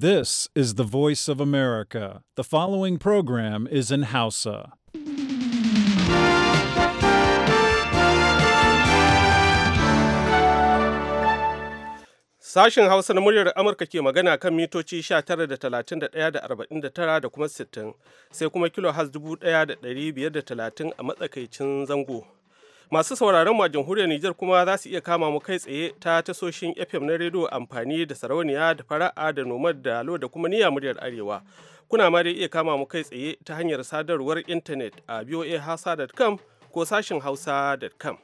This is the voice of America. The following program is in Hausa. Sashen Hausa na muryar Amurka ke magana kan mitoci 19.31.49 da kuma 60 sai kuma kilo has 1530 a matsakaicin zango. masu sauraron ma jamhuriyar Nijar kuma za su iya kama mu kai tsaye ta tasoshin FM na rediyo amfani da sarauniya da fara'a da nomad da lo da kuma niyya muryar arewa. Kuna ma dai iya kama mu kai tsaye ta hanyar sadarwar intanet a voahausa.com ko sashin hausa.com.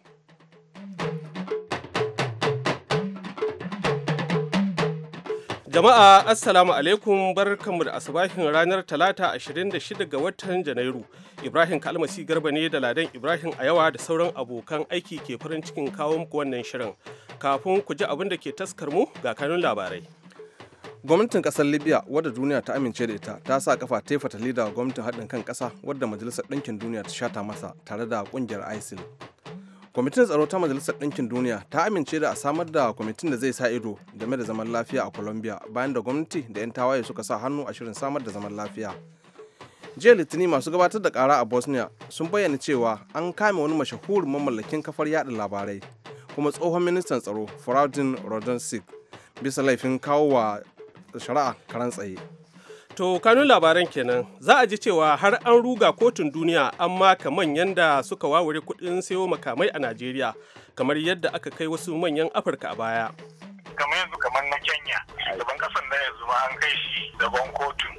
Jama'a Assalamu alaikum barkanmu da asubahin ranar Talata 26 ga watan Janairu. Ibrahim Kalmasi Garba ne da Ladan Ibrahim a yawa da sauran abokan aiki ke farin cikin kawo muku wannan shirin. Kafin ku ji abin da ke taskar mu ga kanun labarai. Gwamnatin kasar Libya wadda duniya ta amince da ita ta sa kafa ta yi gwamnatin haɗin kan ƙasa wadda Majalisar Ɗinkin Duniya ta shata masa tare da ƙungiyar ISIL. kwamitin tsaro ta majalisar ɗinkin duniya ta amince da a samar da kwamitin da zai sa ido game da zaman lafiya a colombia bayan da gwamnati da 'yan tawaye suka sa hannu a shirin samar da zaman lafiya jiya litinin masu gabatar da kara a bosnia sun bayyana cewa an kame wani mashahurin mamallakin kafar yada labarai kuma tsohon ministan tsaro faradin rodon bisa laifin kawo wa shari'a karan tsaye To kanun labaran kenan za a ji cewa har an ruga kotun duniya an maka manyan da suka waware kudin sayo makamai a Najeriya kamar yadda aka kai wasu manyan Afirka a baya. Kamar yanzu kamar na Kenya, daban kasan da yanzu ma an kai shi daban kotun.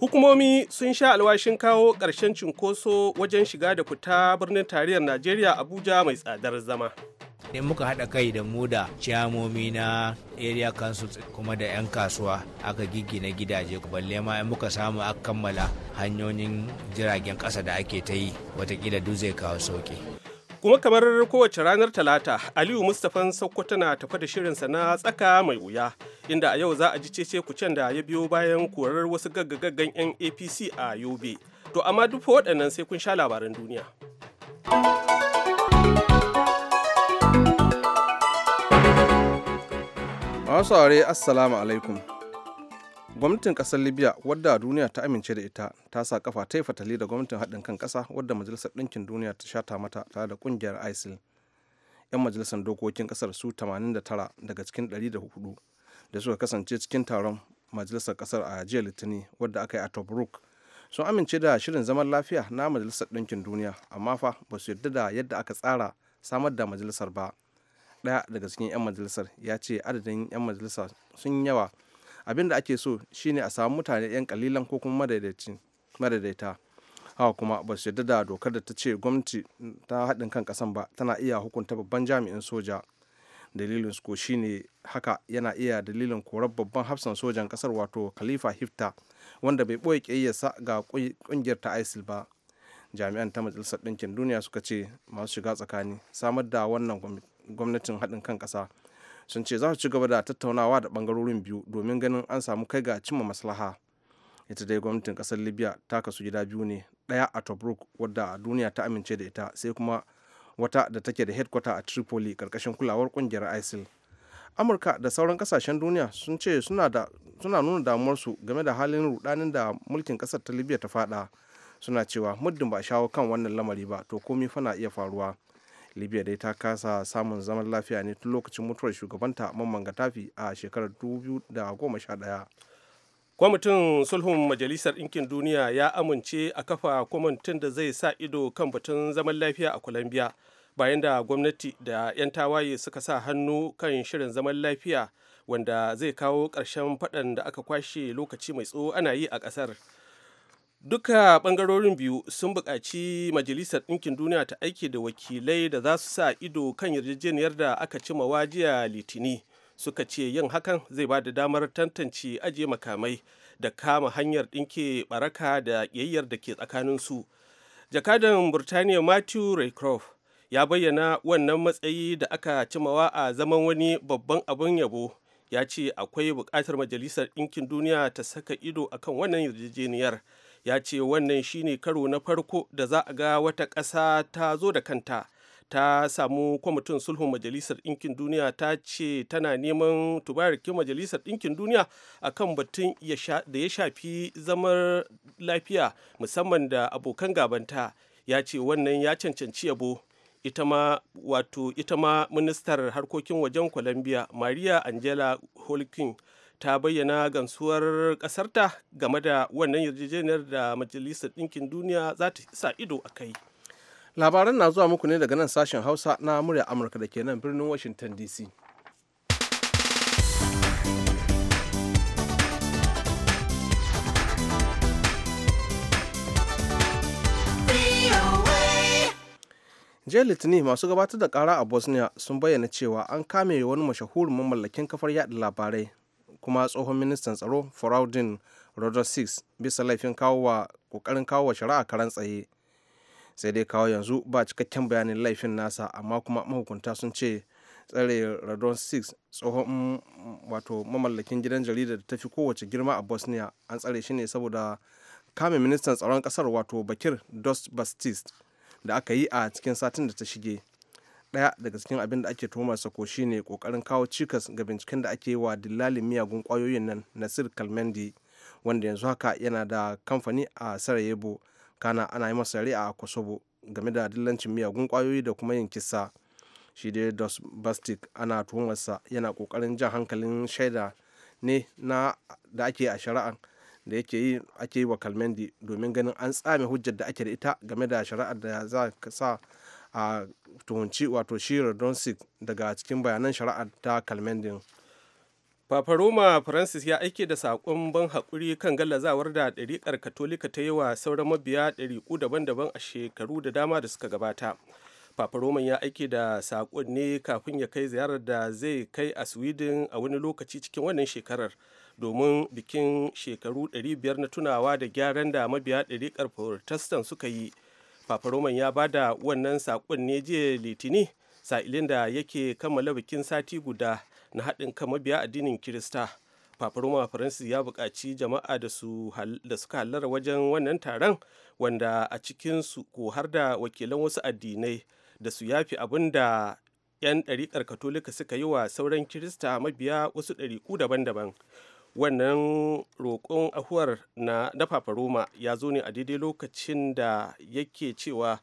Hukumomi sun sha alwashin kawo ƙarshen cinkoso wajen shiga da fita birnin tarayyar Najeriya Abuja mai tsadar zama. ne muka haɗa kai da mu da ciyamomi na area council kuma da 'yan kasuwa aka na gidaje balle ma in muka samu aka kammala hanyoyin jiragen kasa da ake ta yi watakila duk zai kawo sauki kuma kamar kowace ranar talata aliyu mustapha sokoto na tafa da shirinsa na tsaka mai wuya inda a yau za a ji cece kucen da ya biyo bayan korar wasu gaggagaggan 'yan apc a yobe to amma duk waɗannan sai kun sha labaran duniya a wasu aure assalamu alaikum gwamnatin ƙasar libya wadda duniya ta amince da ita ta sa kafa ta yi fatali da gwamnatin haɗin kan ƙasa wadda majalisar ɗinkin duniya ta shata mata tare da ƙungiyar isil 'yan majalisar dokokin ƙasar su 89 daga cikin 104 da suka kasance cikin taron majalisar ƙasar a jiya litinin wadda aka yi a tobruk sun amince da shirin zaman lafiya na majalisar ɗinkin duniya amma fa ba su yarda da yadda aka tsara samar da majalisar ba ɗaya daga cikin 'yan majalisar ya ce adadin 'yan majalisa sun yawa abin da ake so shine a samu mutane 'yan kalilan ko kuma madaidaita hawa kuma ba su yarda da dokar da ta ce gwamnati ta haɗin kan ƙasan ba tana iya hukunta babban jami'in soja dalilin su ko shine haka yana iya dalilin korar babban hafsan sojan kasar wato khalifa hifta wanda bai ɓoye ƙiyayyarsa ga ƙungiyar ta isil ba jami'an ta majalisar ɗinkin duniya suka ce masu shiga tsakani samar da wannan gwamnati. gwamnatin haɗin kan ƙasa sun ce za su ci gaba da tattaunawa da ɓangarorin biyu domin ganin an samu kai ga cimma maslaha ita dai gwamnatin ƙasar libya ta kasu gida biyu ne ɗaya a tobruk wadda duniya ta amince da ita sai kuma wata da take da headquarter a tripoli ƙarƙashin kulawar ƙungiyar isil amurka da sauran kasashen duniya sun ce suna, da, suna nuna damuwarsu game da halin rudanin da mulkin ƙasar ta libya ta faɗa suna cewa muddin ba a shawo kan wannan lamari ba to komi fana iya faruwa libya dai ta kasa samun zaman lafiya ne tun lokacin mutuwar shugabanta mamman gatafi a shekarar 2011 kwamitin sulhun majalisar ɗinkin duniya ya amince a kafa kwamitin da zai sa ido kan batun zaman lafiya a colombia bayan da gwamnati da 'yan tawaye suka sa hannu kan shirin zaman lafiya wanda zai kawo ƙarshen faɗan da aka kwashe lokaci mai tsawo ana yi a ƙasar duka bangarorin biyu sun buƙaci majalisar ɗinkin duniya ta aiki da wakilai da za su sa ido kan yarjejeniyar da aka cima wajiya litini suka ce yin hakan zai ba da damar tantance ajiye makamai da kama hanyar ɗinke baraka da ƙiyayyar da ke tsakanin su. jakadan burtaniya matthew raycroft ya bayyana wannan matsayi da aka cimawa a zaman wani babban abin yabo ya ce akwai buƙatar majalisar ɗinkin duniya ta saka ido akan wannan yarjejeniyar ya ce wannan shine karo na farko da za a ga wata ƙasa ta zo da kanta ta samu kwamitin sulhun majalisar ɗinkin duniya ta ce tana neman tubarikin majalisar ɗinkin duniya a kan batun da ya shafi zamar lafiya musamman da abokan gabanta ya ce wannan ya cancanci yabo ita ma wato ita ma ministar harkokin wajen colombia maria angela holkin ta bayyana gamsuwar ƙasarta game da wannan yarjejeniyar da majalisar ɗinkin duniya za ta sa ido a kai labaran na zuwa muku ne daga nan sashen hausa na murya amurka da ke nan birnin washington dc jiya litinin masu gabatar da kara a bosnia sun bayyana cewa an kame wani mashahurin mamallakin kafar yada labarai kuma tsohon ministan tsaro Furaudin Rodriguez bisa laifin kokarin kawo wa shari'a karan tsaye. Sai dai kawo yanzu ba cikakken bayanin laifin nasa amma kuma mahukunta sun ce tsare radon 6 tsohon wato mamallakin gidan jarida da ta fi kowace girma a bosnia an tsare shi ne saboda kame ministan tsaron kasar wato bakir dos bastis da aka yi a cikin satin da ta shige ɗaya daga cikin abin da ake tuhumarsa ko shine kokarin kawo cikas ga binciken da ake wa dillalin miyagun kwayoyin nan nasir kalmendi wanda yanzu haka yana da kamfani a sarajevo kana ana yi masa a kosovo game da dillancin miyagun kwayoyi da kuma yin kisa shi dai dos bastic ana tuhumarsa yana kokarin jan hankalin shaida ne na da ake a shari'ar da yake yi ake yi wa kalmendi domin ganin an tsame hujjar da ake da ita game da shari'ar da za ka sa a tuhunci wato shi Radonsik daga cikin bayanan shari'a ta Kalmendin. Papa Roma Francis ya aike da saƙon ban haƙuri kan gallazawar da ɗariƙar Katolika ta yi wa sauran mabiya ɗariƙu daban-daban a shekaru da dama da suka gabata. Papa Roman ya aike da saƙon ne kafin ya kai ziyarar da zai kai a Sweden a wani lokaci cikin wannan shekarar domin bikin shekaru 500 na tunawa da gyaran da mabiya ɗariƙar Protestant suka yi. fafaroman ya ba da wannan saƙon ne jiya litini sa'ilin da yake kammala bikin sati guda na haɗin kan mabiya addinin kirista fafaroma faransis ya buƙaci jama'a da su da suka hallara wajen wannan taron wanda a cikinsu ko har da wakilan wasu addinai da su yafi abin da 'yan ɗariƙar katolika suka yi wa sauran kirista mabiya wasu ɗariƙu daban-daban wannan roƙon ahuwar na dafafa roma ya zo ne a daidai lokacin da yake cewa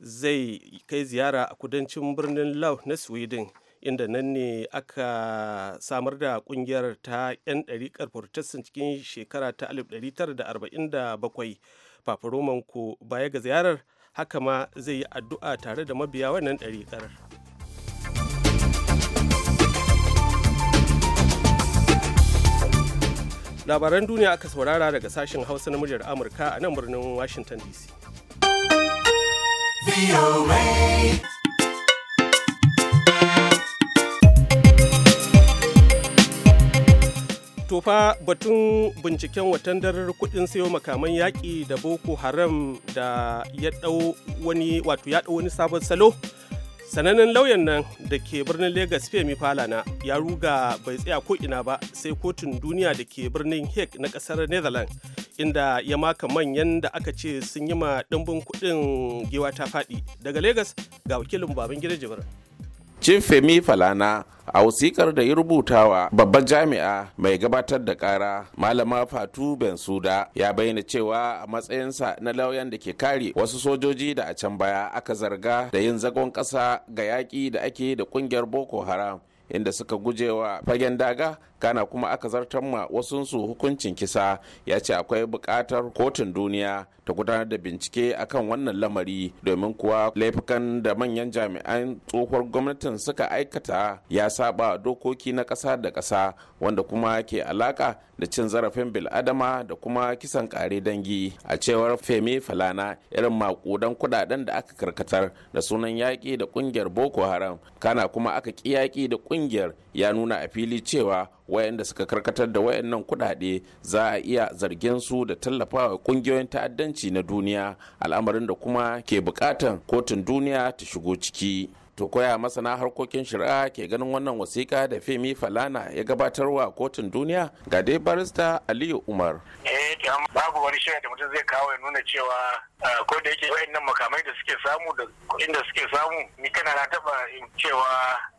zai kai ziyara a kudancin birnin lau na sweden inda nan ne aka samar da kungiyar ta 'yan ɗariƙar protestant cikin shekara ta 1947 papa roman ko baya ga ziyarar haka ma zai yi addu'a tare da mabiya wannan ɗariƙar. labaran duniya aka saurara daga sashen hausa na muryar amurka a nan birnin washington dc tofa batun binciken watandar kudin sayo makaman yaƙi da boko haram da ya wani wato ya wani sabon salo sanannen lauyan nan da ke birnin lagos femi falana ya ruga bai tsaya ko ina ba sai kotun duniya da ke birnin hague na kasar netherlands inda ya maka manyan da aka ce sun yi ma ɗimbin kudin giwa ta faɗi daga legas ga wakilin baban gida jibirin Cinfemi Falana a wasikar da ya rubuta wa babban jami'a mai gabatar da kara malama fatu Suda, ya bayyana cewa a matsayinsa na lauyan da ke kare wasu sojoji da a can baya aka zarga da yin zagon ƙasa ga yaƙi da ake da ƙungiyar boko haram inda suka guje wa fagen daga kana kuma aka zartar ma wasunsu hukuncin kisa ya ce akwai buƙatar kotun duniya ta gudanar da bincike akan wannan lamari domin kuwa laifukan da manyan jami'an tsohuwar gwamnatin suka aikata ya saba dokoki na ƙasa da ƙasa wanda kuma ke alaƙa da cin zarafin bil'adama da kuma kisan ƙare dangi a cewar femi falana irin makudan kudaden da aka karkatar da sunan yaƙi da ƙungiyar boko haram kana kuma aka ƙi yaƙi da ƙungiyar ya nuna a fili cewa wayanda suka karkatar da wayannan kudade za a iya zargin su da tallafawa kungiyoyin ta'addanci na duniya al'amarin da kuma ke buƙatan kotun duniya ta shigo ciki to koya masana harkokin shari'a ke ganin wannan wasiƙa da femi falana ya gabatar wa kotun duniya ga dai barista aliyu umar eh, babu wani shirya da mutum zai kawo ya nuna cewa eh, ko da yake wayannan makamai da suke samu da inda suke samu ni kana na taba in cewa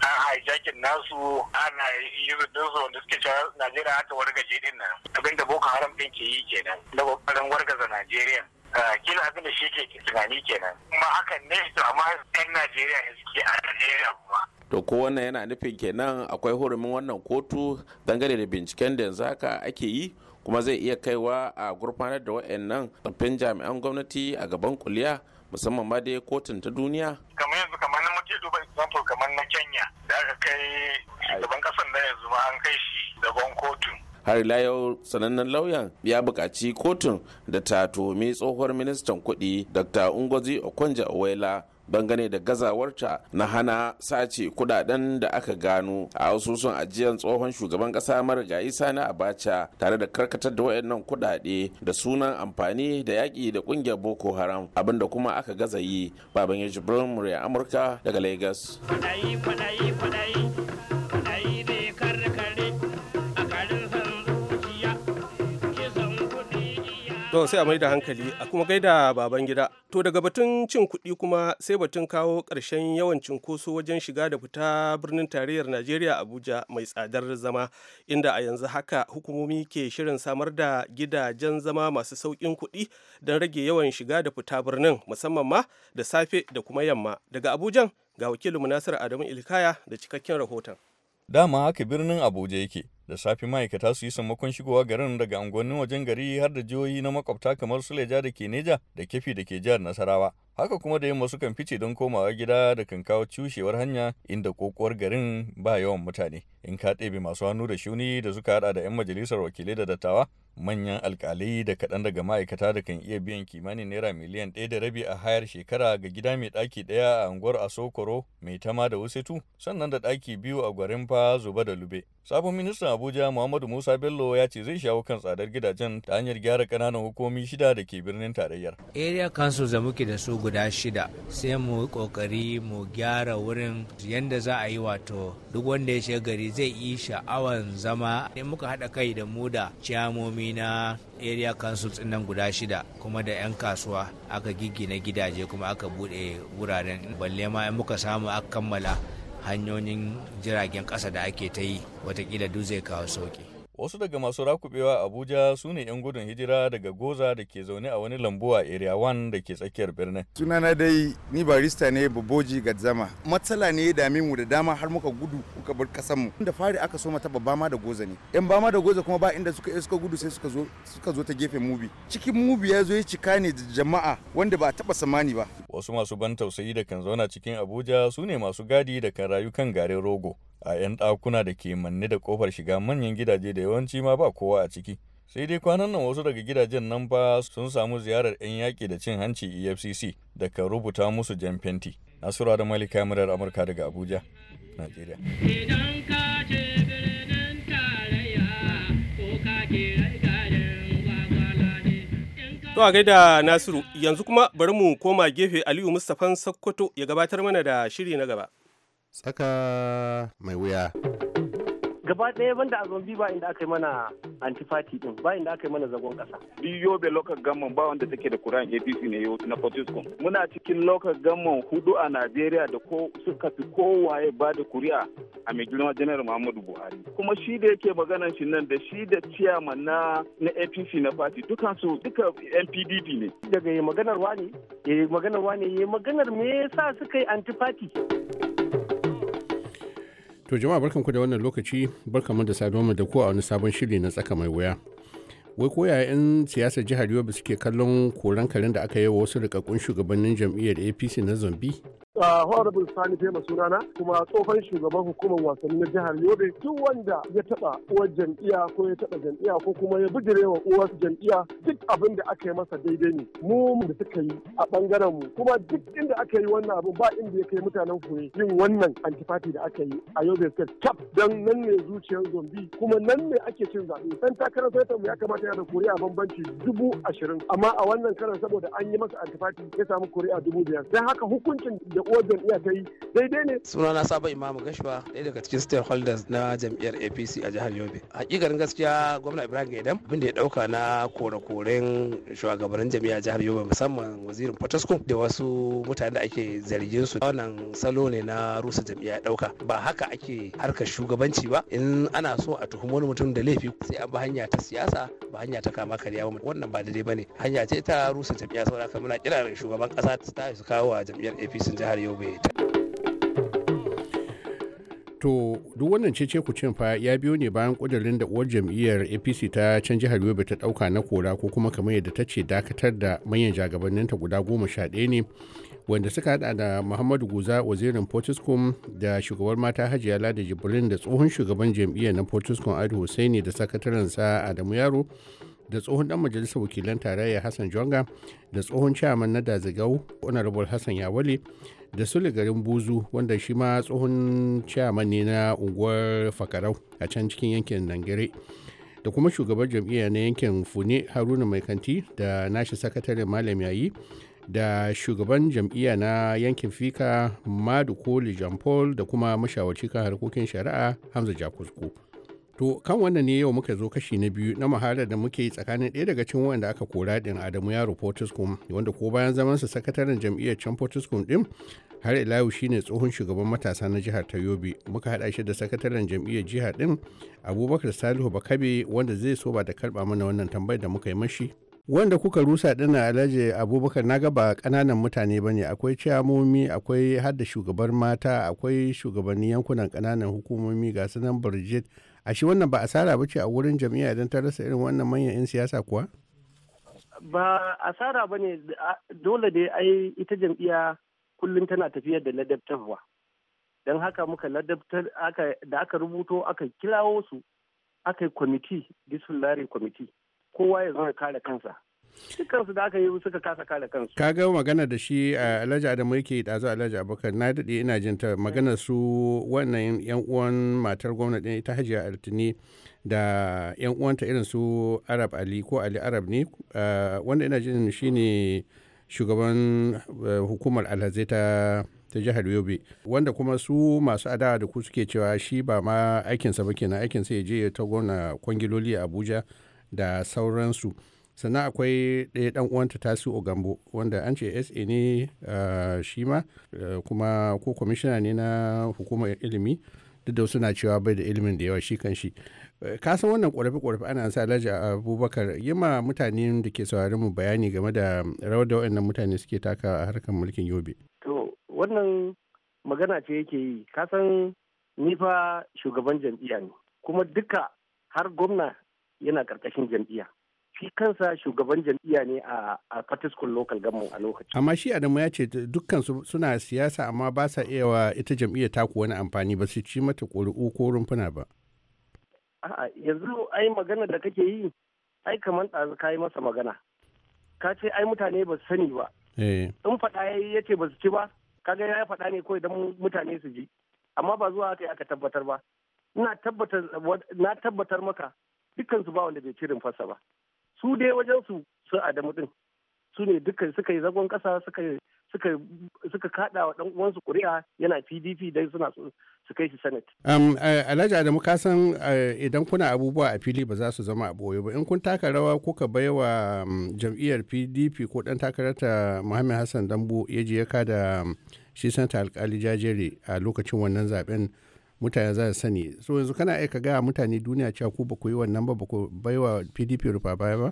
an hijacking nasu ana yuzin su wanda suke cewa najeriya ta wargaje din nan abinda boko haram din ke yi kenan da kokarin wargaza najeriya Ah, kila abin da shi ke tunani kenan kuma hakan ne to amma yan najeriya ne suke a najeriya kuma to ko wannan yana nufin kenan akwai hurumin wannan kotu dangane da binciken da yanzu haka ake yi kuma zai iya kaiwa a gurfanar da waɗannan tsaffin jami'an gwamnati a gaban kuliya musamman ma dai kotun ta duniya kamar yanzu kamar na muke duba example kamar na kenya da aka kai shugaban kasan na yanzu ma an kai shi gaban kotun har yau sanannen lauyan ya buƙaci kotun da ta tuhumi tsohuwar ministan kuɗi dr ungozi okonja owela dangane da gazawarta na hana sace kudaden da aka gano a asusun ajiyar tsohon shugaban kasa isa sani abacha tare da karkatar da wayannan kudade da sunan amfani da yaƙi da ƙungiyar boko haram abinda kuma aka gaza yi baban ya jibrin murya amurka daga lagos don sai a mai da hankali a kuma gaida baban gida to daga batun cin kuɗi kuma sai batun kawo ƙarshen yawan cinkoso wajen shiga da fita birnin tarayyar najeriya abuja mai tsadar zama inda a yanzu haka hukumomi ke shirin samar da gidajen zama masu sauƙin kuɗi don rage yawan shiga da fita birnin musamman ma da safe da kuma yamma daga abuja ga wakilin nasir adamu ilkaya da cikakken rahoton Dama haka birnin Abuja yake, da safe ma'aikata su yi sammakon shigowa garin daga unguwannin wajen gari har da jihohi na makwabta kamar su leja da ke Neja da Kefi da ke jihar Nasarawa. Haka kuma da yamma sukan fice don komawa gida da kan kawo cushewar hanya inda kokowar garin ba yawan mutane. In ka ɗebe masu hannu da shuni da suka haɗa da 'yan majalisar wakilai da dattawa, manyan alkalai da kaɗan daga ma'aikata da kan iya biyan kimanin naira miliyan ɗaya da rabi a hayar shekara ga gida mai ɗaki ɗaya a unguwar asokoro mai tama da wusetu sannan da ɗaki biyu a gwarin fa zuba da lube sabon ministan abuja muhammadu musa bello ya ce zai shawo kan tsadar gidajen ta hanyar gyara ƙananan hukumomi shida da ke birnin tarayyar area council da muke da su guda shida sai mu kokari mu gyara wurin yadda za a yi wato duk wanda ya shiga gari zai yi sha'awan zama ne muka haɗa kai da mu da ciyamomi na area councils nan guda shida kuma da 'yan kasuwa aka giggina gidaje kuma aka bude wuraren balle ma in muka samu aka kammala hanyoyin jiragen ƙasa da ake ta yi watakila duk zai kawo sauki Wasu daga masu rakubewa Abuja su ne 'yan gudun hijira daga Goza da ke zaune a wani lambu a Area 1 da ke tsakiyar birnin. Sunana dai ni barista ne Boboji Gadzama. Matsala ne ya dame mu da dama har muka gudu muka bar kasanmu. inda fari aka so mata babba ma da Goza ne. 'Yan bama da Goza kuma ba inda suka suka gudu sai suka zo suka zo ta gefen mubi. Cikin mubi ya zo ya cika ne da jama'a wanda ba a taba samani ba. Wasu masu ban tausayi da kan zauna cikin Abuja su ne masu gadi da kan rayu kan garin rogo. a 'yan ɗakuna da ke manne da kofar shiga manyan gidaje da yawanci ma ba kowa a ciki sai dai kwanan nan wasu daga gidajen nan ba sun samu ziyarar 'yan yaƙi da cin hanci efcc da ka rubuta musu jan fenti nasura da malika murar amurka daga abuja nigeria To a gaida Nasiru yanzu kuma bari mu koma gefe Aliyu Mustafan Sokoto ya gabatar mana da shiri na gaba. tsaka mai wuya. gaba ɗaya banda a zombi ba inda aka yi mana antifati din ba inda aka yi mana zagon ƙasa. Duk yobe local government ba wanda take da kuran APC ne yau na Fortescue. Muna cikin local government hudu a Najeriya da ko suka fi kowaye ba da kuri'a a mai girma janar Muhammadu Buhari. Kuma shi da yake maganan shi nan da shi da ciyama na na APC na party dukan su duka NPDP ne. Daga yi maganar wani, yi maganar wani, yi maganar me yasa suka yi antifati. To jama'a barkanku da wannan lokaci barkanmu da saduwa mu da ku a wani sabon shiri na tsaka mai wuya. Wai ko yayan siyasar jihar Yobe suke kallon koran karen da aka yi wa wasu rikakkun shugabannin jam'iyyar APC na Zombi horrible sani fema sunana kuma tsohon shugaban hukumar wasanni na jihar yobe duk wanda ya taba uwar jam'iya ko ya taba jam'iya ko kuma ya bijire wa uwar jam'iya duk abin da aka yi masa daidai ne mu da suka yi a bangaren mu kuma duk inda aka yi wannan abu ba inda ya kai mutanen kure yin wannan antifati da aka yi a yobe state cap dan nan ne zuciyar zombi kuma nan ne ake cin zaɓe dan takarar sai ya kamata ya da kuri'a bambanci dubu ashirin amma a wannan karan saboda an yi masa antifati ya samu kuri'a dubu biyar sai haka hukuncin da Wajen iya ta yi daidai ne. suna na sabon imamu gashuwa ɗaya daga cikin stakeholders na jam'iyyar apc a jihar yobe hakikarin gaskiya gwamna ibrahim gaidam abinda ya ɗauka na kore-koren shugabannin jam'iyyar jihar yobe musamman wazirin potosko da wasu mutane da ake zargin su wannan salo ne na rusa jam'iyya ya ɗauka ba haka ake harka shugabanci ba in ana so a tuhumi wani mutum da laifi sai an ba hanya ta siyasa ba hanya ta kama karya ba wannan ba daidai ba ne hanya ce ta rusa jam'iyya saboda haka muna kiran shugaban kasa ta su kawo wa jam'iyyar apc jihar jihar Beta. to duk wannan cece ku cin fa ya biyo ne bayan kudirin da uwar jam'iyyar apc ta can jihar yobe ta dauka na kora ko kuma kamar yadda ta ce dakatar da manyan jagabanninta guda goma sha ɗaya ne wanda suka hada da muhammadu guza wazirin fortiscom da shugabar mata hajiya lada jibrin da tsohon shugaban jam'iyyar na fortiscom adi hussaini da sakatarensa adamu yaro da tsohon dan majalisar wakilan tarayya hassan jonga da tsohon chairman na dazigau honorable hassan yawale da sule garin buzu wanda shi ma tsohon ciyaman ne na unguwar fakarau a can cikin yankin nangare da kuma shugaban jam'iyya na yankin fune haruna mai kanti da nashi sakataren malam yayi da shugaban jam'iyya na yankin fika madu koli jean paul da kuma mashawarci kan harkokin shari'a hamza jakusko To kan wannan ne yau muka zo kashi na biyu na mahalar da muke yi tsakanin ɗaya daga cikin wanda aka kora din Adamu Yaro Fortescue wanda ko bayan zaman sa sakataren jam'iyyar can Fortescue din har yau shine tsohon shugaban matasa na jihar ta Yobe muka haɗa shi da sakataren jam'iyyar jihar din Abubakar Salihu Bakabe wanda zai so ba da karɓa mana wannan tambayar da muka yi mashi wanda kuka rusa na alhaji abubakar na ga ba kananan mutane bane akwai ciyamomi akwai hadda shugabar mata akwai shugabannin yankunan kananan hukumomi ga sunan birgit a shi wannan ba asara ba ce a wurin jami'a idan ta rasa irin wannan manyan 'yan siyasa kuwa ba asara ba ne dole dai ai ita jam'iyya kullum tana tafiyar da ladabtarwa don haka muka ladabtar da aka rubuto aka kilawo su aka yi kwamiti disciplinary kwamiti kowa ya zo ya kare kansa da kansu ka ga magana da shi a eh, alhaji adamu yake ɗazu alhaji abubakar na daɗe ina jin ta magana su wannan yan uwan matar gwamnati ita hajiya altini da yan uwanta irin su arab ali ko ali arab ne eh, wanda ina jin shi ne shugaban eh, hukumar alhazai ta ta jihar yobe wanda kuma su masu adawa da ku suke cewa shi ba ma aikinsa ba kenan aikinsa ya je ta gwamna kwangiloli a abuja da sauransu sannan akwai ɗaya ɗan uwanta tasi ogambo wanda an ce sa ne shi ma kuma ko kwamishina ne na hukumar ilimi duk da suna cewa bai da ilimin da yawa shi kan shi ka san wannan ƙorafe-ƙorafe ana sa alhaji abubakar yi ma mutane da ke saurarin mu bayani game da rawar da waɗannan mutane suke taka a harkar mulkin yobe to wannan magana ce yake yi ka san ni fa shugaban jam'iyya ne kuma duka har gwamna yana ƙarƙashin jam'iyya shi kansa shugaban jam'iyya ne a Fatiskun Local Government a lokacin. Amma shi Adamu ya ce dukkan suna siyasa amma ba sa iya wa ita jam'iyya taku wani amfani ba su ci mata ƙuri'u ko rumfuna ba. A'a yanzu ai magana da kake yi ai kamar ɗazu ka yi masa magana. Ka ce ai mutane ba su sani ba. Eh. In faɗa ya yace ba su ci ba kaga ya faɗa ne kawai don mutane su ji. Amma ba zuwa haka aka tabbatar ba. Ina tabbatar, Na tabbatar maka dukkan su ba wanda bai ci rumfarsa ba. su dai wajen su su adamu din su ne duka suka yi zagon kasa suka suka suka kada wa dan uwansu kuri'a yana PDP dai suna so su kai shi Senate. Um, Alhaji Adamu ka san eh, idan kuna abubuwa a fili ba za su zama a boye ba in kun taka rawa ko kuka baiwa mm, jam'iyyar PDP ko dan takarata Muhammad Hassan Dambo ya ya kada mm, shi sanata alkali jajere a lokacin wannan zaben mutane za su sani so yanzu kana aika ga mutane duniya cewa ku ba ku yi wannan ba ba ku baiwa pdp rufa baya ba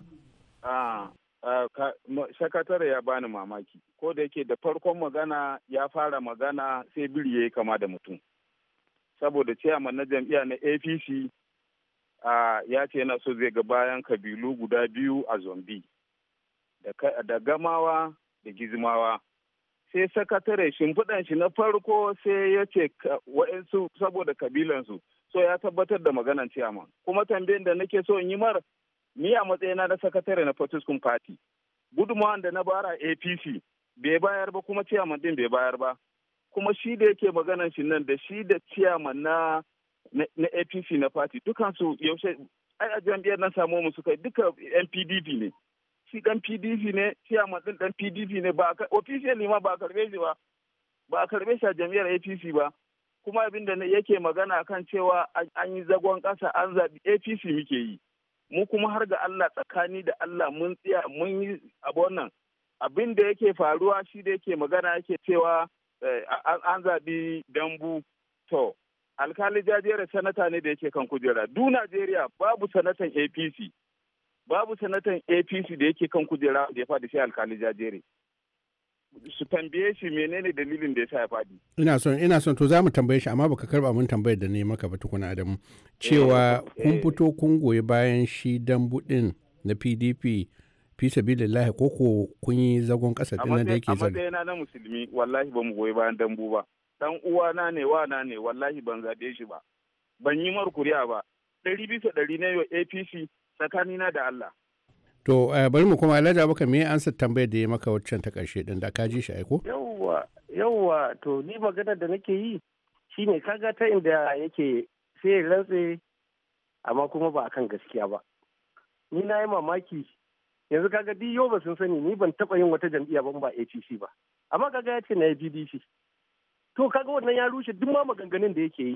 sakatare ya bani mamaki ko da yake da farkon magana ya fara magana sai biri ya yi kama da mutum saboda ciyaman na jam'iyya na apc ya ce yana so zai ga bayan kabilu guda biyu a zombi da gamawa da gizmawa sai sakatare shimfiɗan shi na farko sai ya ce wa'insu saboda kabilansu so ya tabbatar da maganan ciyaman kuma tambayin da nake so in yi mar ni a matsayina na sakatare na Fortiskun Party gudunmawan da na bara APC bai bayar ba kuma ciyaman din bai bayar ba kuma shi da yake maganan shi nan da shi da ciyaman na na APC na party dukansu yaushe ai a jam'iyyar nan samu mu suka duka NPDP ne shi dan pdp ne chairman matsin dan pdp ne ba officially ma ba karbe shi ba ba karbe shi a jami'ar apc ba kuma abin da yake magana kan cewa an yi zagon kasa an zaɓi apc muke yi mu kuma har ga allah tsakani da allah mun tsaya mun yi abu wannan abin da yake faruwa shi da yake magana yake cewa eh, an zaɓi dambu to alkali jajiyar sanata ne da yake kan kujera du najeriya babu sanatan apc babu sanatan apc da yake kan kujera da ya faɗi sai alkali jajere su tambaye shi menene dalilin da ya sa ya faɗi ina son ina son to za mu tambaye shi amma baka karba mun tambayar da ne maka ba tukuna adamu cewa eh, eh. kun fito kun goyi bayan shi dambu din na pdp fi sabilillahi ko ko kun yi zagon kasa din da yake zan amma na musulmi wallahi ba mu goyi bayan dambu ba dan uwana ne wana ne wallahi ban zabe shi ba ban yi markuriya ba ɗari bisa ɗari na yau apc tsakanina da Allah. To eh, bari mu kuma Alhaji Abubakar me ansa tambayar da ya maka waccan ta karshe din da ka ji shi aiko? Yawwa yawwa to ni magana da nake yi shine kaga ta inda yake sai ya rantse amma kuma ba kan gaskiya ba. Ni na yi mamaki yanzu kaga di yau sun sani ni ban taba yin wata jam'iyya ban ba ACC ba. Amma kaga ya ce na GDC. To kaga wannan ya rushe duk ma maganganun da yake yi.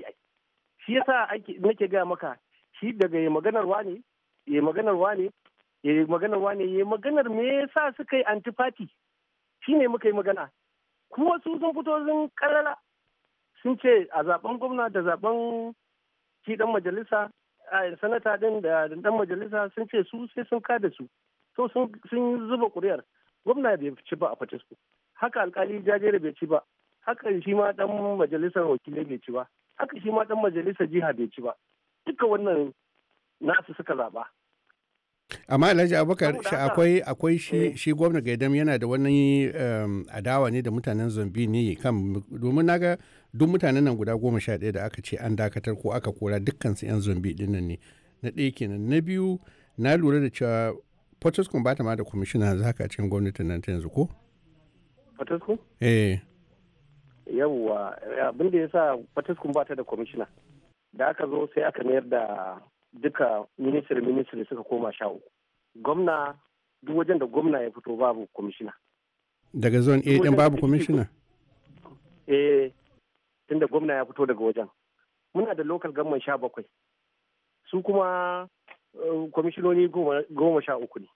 Shi yasa nake gaya maka shi daga maganar ne. ya maganar wane ya maganar wane ya maganar me yasa suka yi antifati shine muka yi magana kuma su sun fito sun karara sun ce a zaben gwamna da zaben shi dan majalisa a sanata din da dan majalisa sun ce su sai sun kada su to sun zuba kuriyar gwamna bai ci ba a fatisku haka alkali jajere bai ci ba haka shi ma dan majalisar wakilai bai ci ba haka shi ma dan majalisar jiha bai ci ba duka wannan nasu suka zaba. amma alhaji abubakar akwai akwai shi eh. shi gwamna gaidam yana da wani um, adawa ne da mutanen zambi ne kan domin naga duk mutanen nan guda goma sha ɗaya da aka ce an dakatar ko aka kora dukkan su yan zambi dinnan ne na ɗaya kenan na biyu na lura da cewa potoskum ba ta ma da kwamishina za ka cikin gwamnatin nan ta yanzu ko potoskum eh yawwa abin da ya sa potoskum ba ta da kwamishina da aka zo sai aka mayar da duka minister minister suka koma sha uku gwamna duk wajen da gwamna ya fito babu kwamishina daga zon a din babu kwamishina eh tunda gwamna ya fito daga wajen muna da local gamman sha bakwai su kuma eh, kwamishinoni goma sha uku ne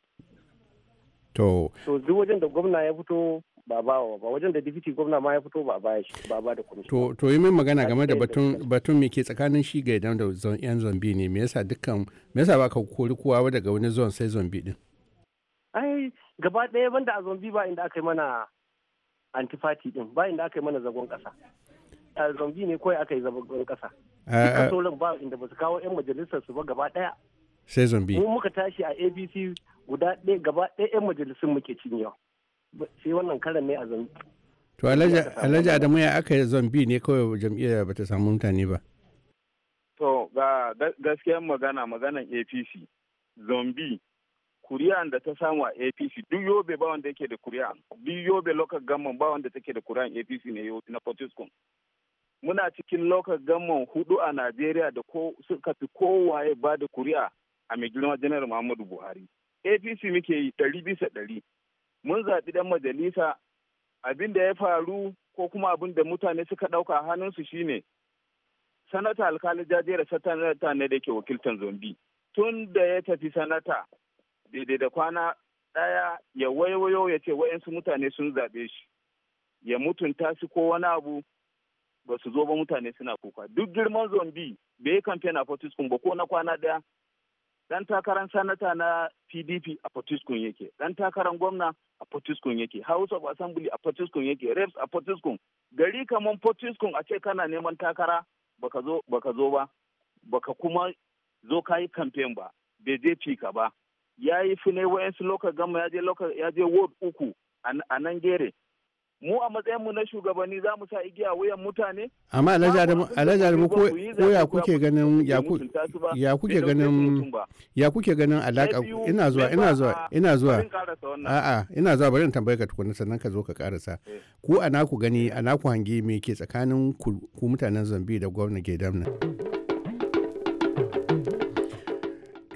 to duk wajen da gwamna ya fito ba bawa ba wajen da dipiti gwamna ma ya fito ba ba shi ba ba da kwamishin to yi min magana game da batun batun me ke tsakanin shi ga idan da yan zombi ne me yasa dukkan me yasa ba ka kori kowa daga wani zon sai zombi din ai gaba ɗaya banda a zombi ba inda aka yi mana antifati din ba inda aka yi mana zagon kasa a zombi ne kawai aka yi zagon kasa duka ba inda ba su kawo 'yan majalisar su ba gaba ɗaya sai zombi mu muka tashi a abc guda ɗaya gaba ɗaya 'yan majalisun muke cinyewa shi wannan karan ne a zambi to alhaji adamu ya aka zambi ne kawai jam'iyyar ba ta samu mutane ba to ga gaskiyar magana maganan apc zambi kuri'an da ta samu a apc duk yobe ba wanda yake da kuri'a duk yobe local government ba wanda take da kuri'an apc ne yau, na potiskum muna cikin local government hudu a najeriya da ko suka fi kowaye ba da kuri'a a mai girma janar muhammadu buhari apc muke yi ɗari bisa ɗari mun zaɓi ɗan majalisa abin da ya faru ko kuma abin da mutane suka ɗauka hannunsu shine sanata alkali jajera sanata ne da ke wakiltar zombi tun da ya tafi sanata daidai da kwana ɗaya ya wayo ya ce wa'yansu mutane sun zaɓe shi ya mutunta su ko wani abu ba su zo ba mutane suna kuka duk girman zombi bai kamfe na fotis ba ko na kwana ɗaya ɗan takarar sanata na pdp a potiskun yake ɗan takarar gwamna a potiskun yake house of assembly a potiskun yake reps a potiskun gari kamar potiskun a ce kana neman takara baka zo baka zo ba baka kuma zo ka yi campaign ba bai je fika ba ya yi fune wayansu local gama ya je local ya je ward uku a nan gere mu a matsayin mu na shugabanni za mu sa igiya wuyan mutane amma alhaji adamu ko ya kuke ganin ya kuke ganin ya kuke ganin alaka ina zuwa ina zuwa ina zuwa a'a ina zuwa bari in tambaye ka tukunna sannan ka zo ka karasa eh. ku ana ku gani ana ku hange me ke tsakanin ku mutanen Zambi da gwamnati Gedam nan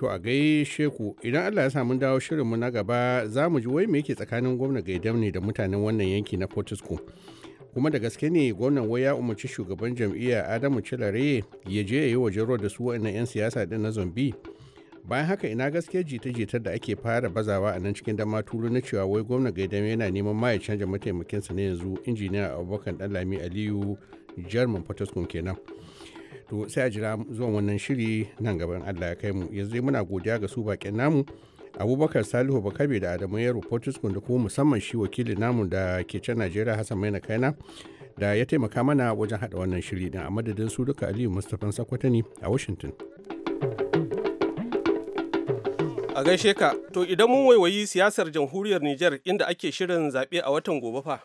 To a gaishe ku idan Allah ya samu dawo shirin mu na gaba za mu ji wai me yake tsakanin gwamna Gaidam ne da mutanen wannan yanki na Portisco. kuma da gaske ne gwamnan wai ya umarci shugaban jam'iyya Adamu Cilare ya je yayi yi wajen da su wa'annan 'yan siyasa din na zombi. Bayan haka ina gaske jita jitar da ake fara bazawa a nan cikin dama tulu na cewa wai gwamna Gaidam yana neman ma ya canja mataimakinsa ne yanzu injiniya Abubakar Danlami Aliyu Jarman Portisco kenan. to sai a jira zuwan wannan shiri nan gaban allah ya kai mu yanzu muna godiya ga su bakin namu abubakar salihu bakabe da adamu ya reporters da kuma musamman shi wakilin namu da ke can najeriya hassan maina kaina da ya taimaka mana wajen hada wannan shiri din a madadin su duka aliyu mustapha sakwatani a washington a gaishe ka to idan mun waiwayi siyasar jamhuriyar niger inda ake shirin zaɓe a watan gobe fa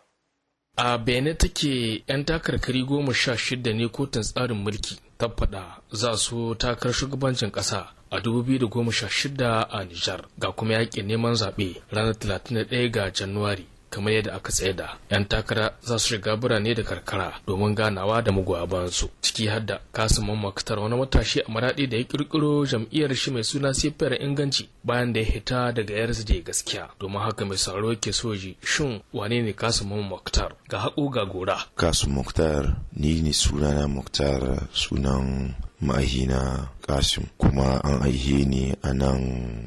a bene take 'yan takarkari goma sha shida ne kotun tsarin mulki ta faɗa za su takar shugabancin ƙasa a da goma sha shida a nijar ga kuma yaƙin neman zaɓe ranar 31 ga januwari kamar yadda aka da yan takara za su shiga birane da karkara domin ganawa da mugwabansu ciki har da kasimin makatar wani matashi a maraɗi da ya kirkiro jam'iyyar shi mai suna sifiyar inganci bayan da ya hita daga yarsu da gaskiya domin haka mai sauraro ke soji shin wane ne kasimin makatar ga haƙo ga gora kasimin makatar ni ne sunana makatar sunan mahina kasim kuma an aihe ni a nan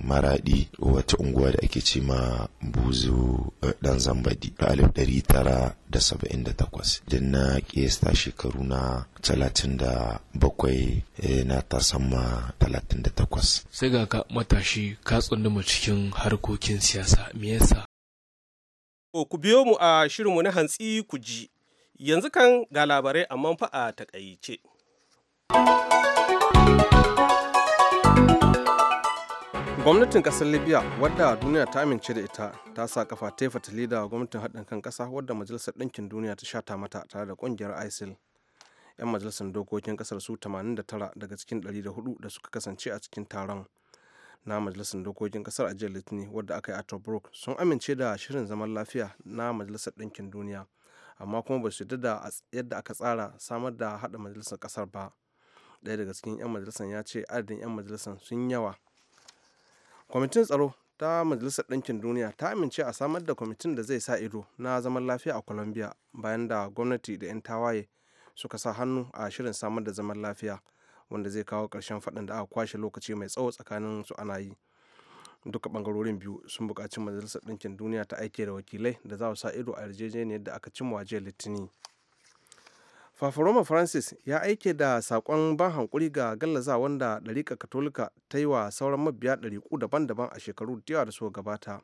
maradi wata unguwa da ake ce ma buzu dan eh, zambadi a alif ɗari tara da saba'in da takwas din na kesta shekaru na talatin da bakwai eh, na tasamma talatin da takwas sai ga ka matashi ka tsunduma cikin harkokin siyasa me yasa ku biyo mu a shirinmu na hantsi ku ji yanzu kan ga labarai amma fa a takaice. gwamnatin kasar libya wadda duniya ta amince da ita ta sa kafa ta fatali gwamnatin haɗin kan ƙasa wadda majalisar ɗinkin duniya ta shata mata tare da ƙungiyar isil 'yan majalisar dokokin kasar su 89 daga cikin 104 da suka kasance a cikin taron na majalisar dokokin kasar a jiya litinin wadda aka yi a tobruk sun amince da shirin zaman lafiya na majalisar ɗinkin duniya amma kuma ba su yadda da yadda aka tsara samar da haɗa majalisar kasar ba ɗaya daga cikin 'yan majalisar ya ce adadin 'yan majalisar sun yawa kwamitin tsaro ta majalisar ɗinkin duniya ta amince a samar da kwamitin da zai sa ido na zaman lafiya a colombia bayan da gwamnati da 'yan tawaye suka sa hannu a shirin samar da zaman lafiya wanda zai kawo ƙarshen faɗin da aka kwashe lokaci mai tsawo tsakanin su ana yi duka bangarorin biyu sun buƙaci majalisar ɗinkin duniya ta aike da wakilai da za su sa ido a yarjejeniyar da aka cimma jiya litini. fafaroma francis ya aike da sakon ban hankuri ga gallaza wanda ɗariƙa katolika ta yi wa sauran mabiya ɗariƙu daban-daban a shekaru da da suka gabata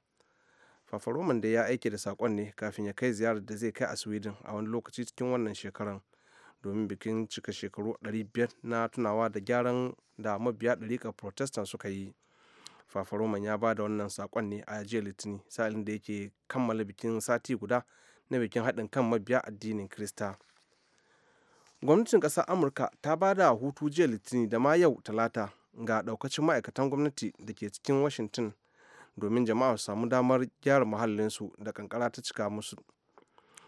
fafaroman da ya aike da sakon ne kafin ya kai ziyarar da zai kai a sweden a wani lokaci cikin wannan shekaran domin bikin cika shekaru biyar na tunawa da gyaran da mabiya ɗariƙa protestant suka yi fafaroman ya ba da wannan sakon ne a jiya litini sa'ilin da yake kammala bikin sati guda na bikin haɗin kan mabiya addinin kirista. gwamnatin ƙasar amurka ta ba da hutu jiya litinin da ma yau talata ga ɗaukacin ma'aikatan gwamnati da ke cikin washington domin jama'a su samu damar gyara muhallinsu da kankara ta cika musu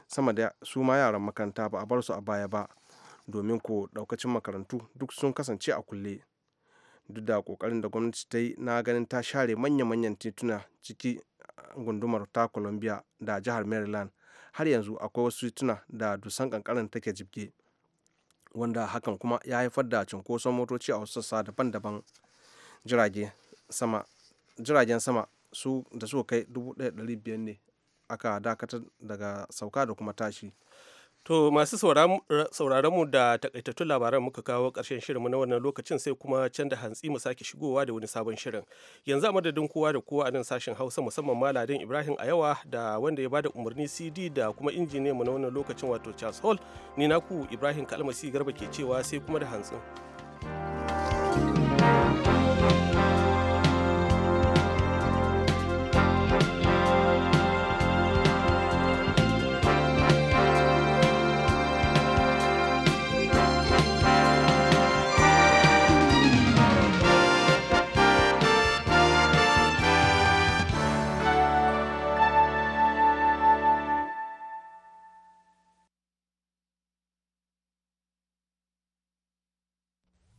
sama da su ma yaran makaranta ba a bar su a baya ba domin ko ɗaukacin makarantu duk sun kasance a kulle duk da kokarin da gwamnati ta yi na ganin ta share manya-manyan tituna ciki gundumar ta columbia da jihar maryland har yanzu akwai wasu tituna da dusan kankaran take jibge. wanda hakan kuma ya haifar da cunkoson motoci a wasu sassa daban-daban jiragen sama su da suka kai 1,500 ne aka dakatar daga sauka da kuma tashi To masu sauraronmu da takaitattun labaran muka kawo ƙarshen shirinmu na wannan lokacin sai kuma can da hantsi mu sake shigowa da wani sabon shirin. Yanzu a madadin kowa da kowa a nan sashen Hausa musamman Maladin Ibrahim Ayawa da wanda ya bada umarni CD da kuma mu na wannan lokacin wato Charles Hall ni naku Ibrahim Kalmasi Garba ke cewa sai kuma da hantsin.